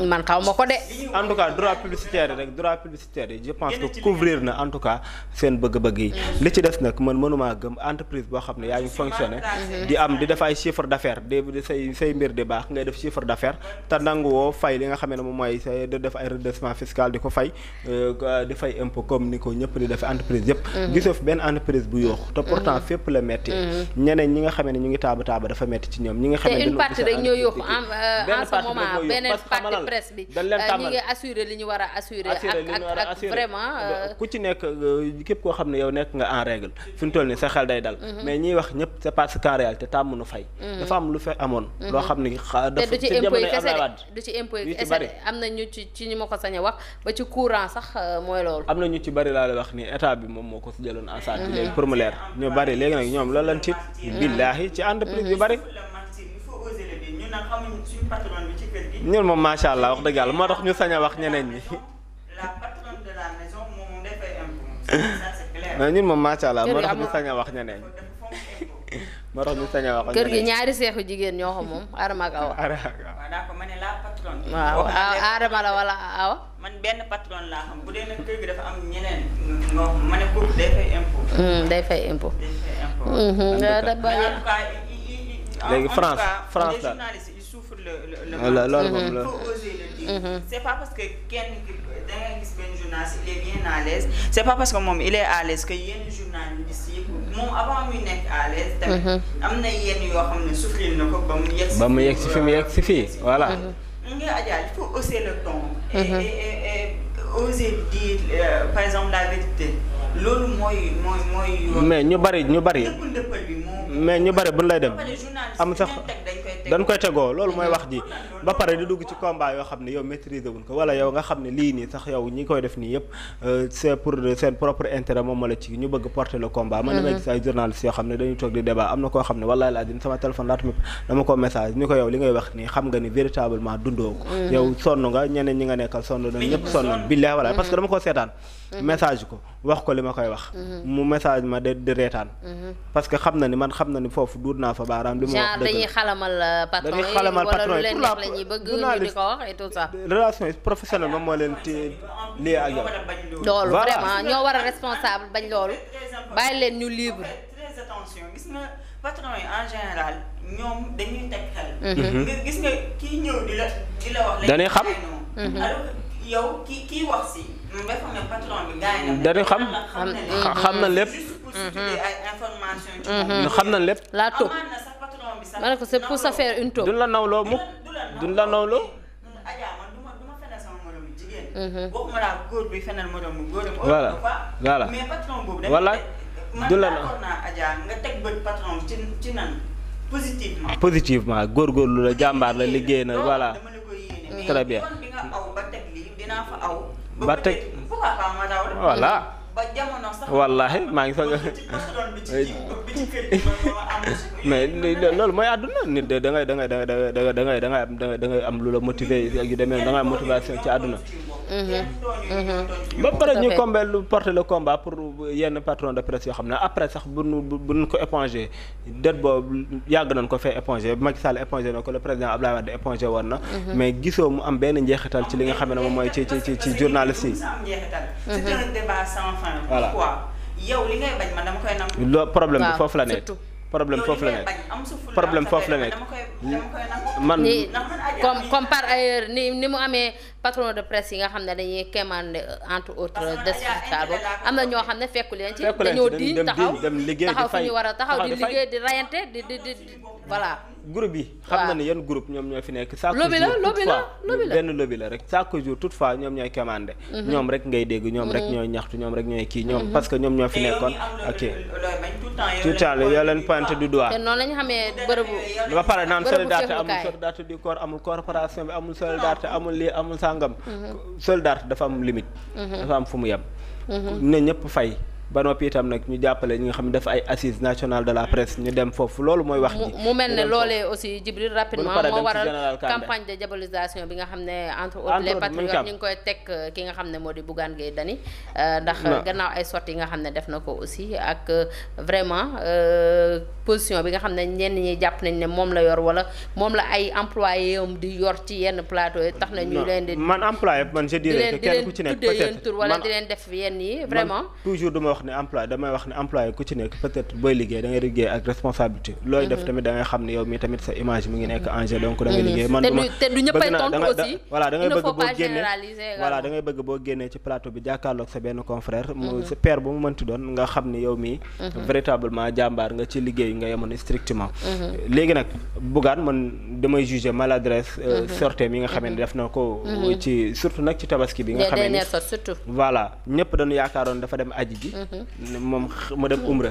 man xaw mako de en tout cas droit publicitaire rek droit publicitaire je pense que couvrir na en tout cas sen beug beug yi li ci def nak man mënumaa gëm entreprise bo xamne ne yaa ngi fonctionné mm-hmm. di am di def ay chiffre d'affaires de say say mbir de bax ngay def chiffre d'affaires ta nangu woo fay li nga xamne mo moy mooy say di def ay redressement fiscal diko ko fay euh, di fay impôt comme niko ko di def entreprise yep mm-hmm. gisuf ben entreprise bu yox te pourtant mm-hmm. fépp le metti ñeneen ñi nga xamne ñu ngi tabu tabu dafa metti ci ñom ñi nga xamne ne une partie rek ñoy yox euh, en ce moment beneen partie daal presse bi dañ leen euh, tàmmal ñu ngi assurer li ñu war a assurer ak ak vraiment euh, ku ci nekk euh, képp koo xam ne yow nekk nga en règle fi sa xel day dal mhm. mais ñiy wax ñëpp c'est parce qu'en réalité tàmm nu fay mhm. dafa am lu fe amoon mhm. loo xam ne dafa ci jamono Abdoulaye Wade du ci impôt yi kese am ci ci ñi ma ko a wax ci courant sax mooy loolu am na ñu ci bari laa wax ni état bi moom moo ko jëloon en pour mu leer ñu bari léegi nag ñoom loolu lañ tiit billaahi ci entreprise yu ñun moom macha allah wax dëgg yàlla moo tax ñu sañ a wax ñeneen ñi. la patronne de la maison moom moom day fay impôt. ça c'est clair. mais ñun allah moo tax ñu sañ a wax ñeneen ñi. moo tax ñu sañ a wax kër gi ñaari seexu jigéen ñoo ko moom Adama ak Awa. Adama ak Awa. waaw daa ko ma ne la patronne. waaw Adama la wala Awa. man benn patronne laa xam bu dee nag kër gi dafa am ñeneen. nga ma ne hmm, day fay impôt. day day fay impôt. Hmm, hmm, en tout cas En France France les journalistes ils souffrent le le le ah, faut oser le dire mhm. c'est pas parce que quelqu'un qui est un journaliste il est bien à l'aise c'est pas parce que moi, il est à l'aise que yenn journaliste yi Moi, avant muy nekk à l'aise tamit il mhm. y yenn yoo xam ne souffre, le ko bam mu yegg ba mu yegg si fi mhm. voilà nga Adja il faut oser le ton et et oser dire euh, par exemple la vérité loolu mooy mooy mooy. mais ñu bari ñu bari. mais ñu bari buñ lay dem. am sax dañ koy tegoo loolu mooy wax ji. ba pare di dugg ci combat yoo xam ne yow maîtriser wuñ ko wala yow nga xam ne lii nii sax yow ñi koy def nii yëpp euh, c'est pour seen propre intérêt moom la ci ñu bëgg porter le combat. man damay mhm. gis ay journalistes yoo xam ne dañuy toog di débat am na koo xam ne wallaahi laa sama téléphone laata ma dama ko message ni ko yow li ngay wax nii xam nga ni véritablement dundoo ko. Mhm. yow ñi nga nekkal sonn na ñëpp sonn que mhm. dama ko wax ko li ma koy wax. Mhm. mu message ma de di reetaan. Mhm. parce que xam na ni man xam na ni foofu duut naa fa baaraam. li ma wax dañuy xalamal euh, patron yi wala lu leen def la bëgg ñu di ko wax et tout ça. relation moo leen téye lii ak yow. loolu ñoo war a responsable bañ loolu bàyyi leen ñu libre. très mhm. xam dañu xam xam na lépp. Mhm. Mhm. xam na lépp. laa toog ma ne ko c'est pour ça faire une toog. duñ la nawloo mukk duñ la nawloo. Mhm. voilà voilà. voilà du la na positivement. positivement góorgóorlu la jàmbaar la liggéey na voilà. très ba teg voilà. ba maa ngi fa nga. mais loolu mooy àdduna nit da ngay da ngay da ngay da ngay da ngay am da ngay am lu la motiver yu demee da ngay am motivation ci àdduna. Mhm. ba mhm. pare ñu combat lu porter le combat pour yenn patron de presse yoo xam ne après sax bu nu bu nu ko épongé dette boobu yàgg nañ ko fee épongé Macky Sall épongé na ko le président Abdoulaye Wade épongé woon na. Mhm. mais gisoo mu am benn njeexital ci li nga xam ne moom mooy ci ci ci journaliste yi. maanaam. voilà loo problème foofu la nekk surtout. problème foofu la nekk problème foofu la nekk man comme comme par ni mu amee patrono de presse yi nga xamne dañuy quémande entre autres des spectacle amna ño xamne fekkul len ci dañu di taxaw taxaw fi ñu war wara taxaw ah, di liguey di rayante di di di voilà groupe bi xamna na ne yan groupe ñom ñoy fi nek sa lobby la lobby la lobby la benn lobby la rek chaque jour toutefois ñom ñooy commandé mhm. ñoom rek ngay deg ñom rek mhm. ñoy ñaxtu ñom rek ñoy ki ñom mhm. parce que ñom ñoy fi nekkoon ok tout temps yoo leen pointe du doigt non noonu lañ xamee bërëbu ba paré nan solidarité amul solidarité du corps amul corporation bi amul solidarité amul li amul sa sàngam. Mm-hmm. soldat dafa am limite. Mm-hmm. dafa am fu mu yem. Mm-hmm. ne ñëpp fay. ba noppi itam nag ñu jappalé ñi nga xam dafa ay assises nationales de la presse ñu dem fofu loolu moy wax ji mu mel lolé aussi Jibril rapidement mo waral campagne de diabolisation bi nga xamné entre autres les patriotes ñu koy tek euh, ki nga xamné modi moo di Bougane Gueye Dany euh, ndax gannaaw ay sorties nga xamné def nako aussi ak euh, vraiment position bi nga xamné ñen ñi japp nañ né mom la yor wala mom la ay employé di yor ci yenn plateau tax na ñu leen di man employé man je dirais que quelqu'un ku ci nek peut-être man di leen def yenn yi vraiment toujours duma wax ne emploi damay wax ne employé ku ci nekk peut booy liggéey da ngay liggéey ak responsabilité looy def mhm. tamit da ngay xam ne yow mi tamit sa image mi ngi nekk en jeu donc da ngay mhm. liggéey man te bëgg boo boo génnee ci plateau bi jàkkaarloog sa benn confrère mu mhm. sa père bu mu mënti doon nga xam ne yow mi véritablement jàmbaar nga ci liggéey nga yemoon strictement léegi nag Bougane man damay juger maladresse euh, sortie mi nga xamee ne def na ko ci surtout bi nga xamee ne voilà ñëpp dañu yaakaaroon dafa dem moom mu dem umra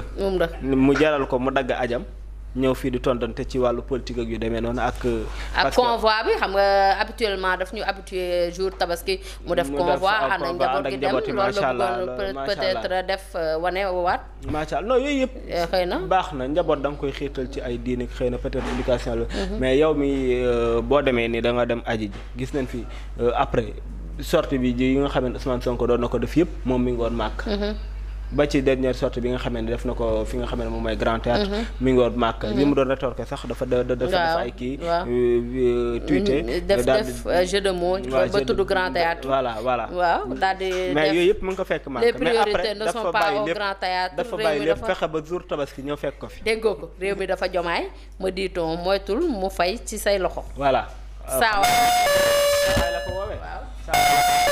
mu jaral ko mu dagg ajam ñëw fii di tontante ci wàllu politique ak yu demee noonu ak. Euh, ak convoi bi xam nga habituellement def ñu habitué jour tabaski. mu def convoi ànd ak njaboot gi macha allah peut-être def euh, wane waat. macha allah non yëpp. Eh, xëy na baax na njaboot da nga koy xiirtal ci ay diine xëy na peut-être éducation la. Mhm. mais yow mi euh, boo demee ni da dem aji ji gis nañ fi après sortie bi ji yi nga xam ne Ousmane Sonko doon na ko def yëpp moom mi ngi màkk. Mhm. ba ci dernière sorte bi nga xamee def nako fi nga xamné ne grand théâtre mhm. mi ngi woon màkk mhm. li mu do retorquer sax dafa dafa dafa ay kii euh, euh, tweeté mm, def euh, jeu de mots ba tudd grand théâtre voilà voilà waaw daal di mais yooyu yëpp mu ngi ko fekk mak mais après dafa bàyyi lépp dafa bàyyi lépp fexe ba jour tabaski ñëw fekk ko fi déggoo ko réew mi dafa jomaay ma diitoon moytul mu fay ci say loxo voilà saawa la ko woowee waaw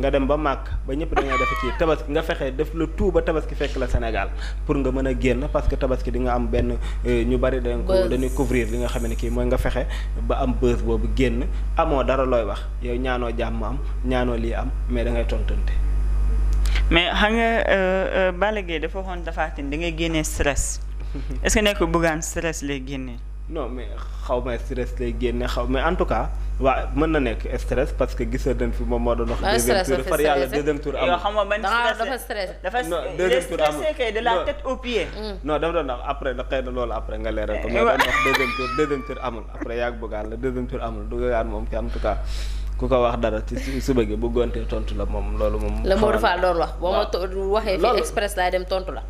nga dem ba màkk ba ñëpp dañoo def ci tabaski nga fexe def la tout ba tabaski fekk la Sénégal pour nga mën a génn parce que tabaski di nga am benn euh, ñu bari dañ ko dañuy couvrir li nga xam ne kii mooy nga fexe ba am bës boobu génn amoo dara looy wax yow ñaanoo jàmm am ñaanoo lii am mais da ngay tontante mais xam nga euh, euh, Balla Gaye dafa waxoon Tapha Tine da ngay génnee stress est-ce que nekk Bougane stress lay génnee non mais xaw ma stress lay génne xaw mais en tout cas waaw mën na nekk stress parce que gis nañ fi moom moo doon wax. Ah, deuxième tour far yàlla eh? deuxième tour amul. yoo xam nga ban stress de mm. na loolu après nga leeral ko. ko wax dara ci suba tontu la moom loolu moom. la Modou Fall doon wax boo ma dem tontu la.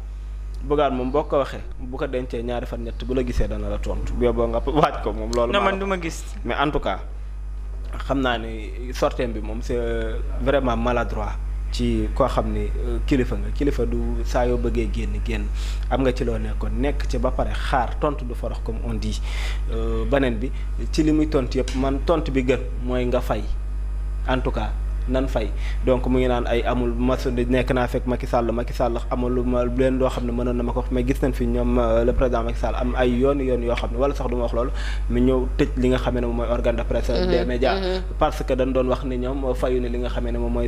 bëggaan moom boo ko waxee bu ko dencee ñaari fan ñett bu la gisee dana la tontu bu yeboo nga waaj ko moom. loolu man du ma gis mais en tout cas. xam naa ni sorteem bi moom c'est vraiment maladroit ci koo xam ni euh, kilifa nga kilifa du saa yoo bëggee génn génn am nga ci loo nekkoon nekk ci ba pare xaar tontu du forox comme on dit euh, beneen bi ci li muy tontu yëpp man tontu bi gën mooy nga fay en tout cas. nan fay donc mu ngi naan ay amul mas nekk naa fekk Macky Sall Macky Sall amul lu ma leen loo xam ne ma ko wax gis nañ fi ñoom euh, le président Macky Sall am ay yoon yoon yoo xam ne wala sax du wax loolu mu ñëw tëj li nga xam ne moom mooy organe de presse mhm, des médias mhm. parce que dañ doon moom a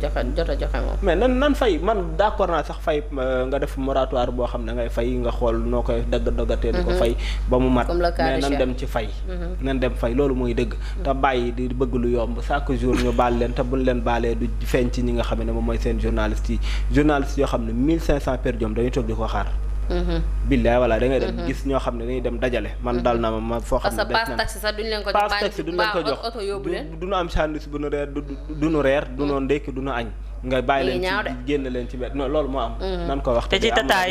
joxe moom mais nan nan fay man d'accord naa sax fay euh, nga def moratoire boo xam ne ngay fay nga xool noo koy dagg daggatee di ko mhm. fay ba mu mat mais nan dem ci fay nan dem fay loolu mooy te bàyyi di bëgg lu yomb chaque jour ñu baal leen te buñ leen baalee du feeñ ci ñi nga xam ne moom mooy seen journaliste yi journaliste yoo xam ne 1500 per jom dañuy toog di ko xaar. Mhm. billaay voilà da dem mhm. gis ñoo xam ne dañuy dem dajale man mhm. dal na ma foo xam ne pass taxi sax duñ leen ko jox pass taxi am sandwich bu nu reer duñu reer duñu ndékki duñu añ nga bàyyi leen ci génn leen ci bet loolu moo am nan ko wax te ci tataay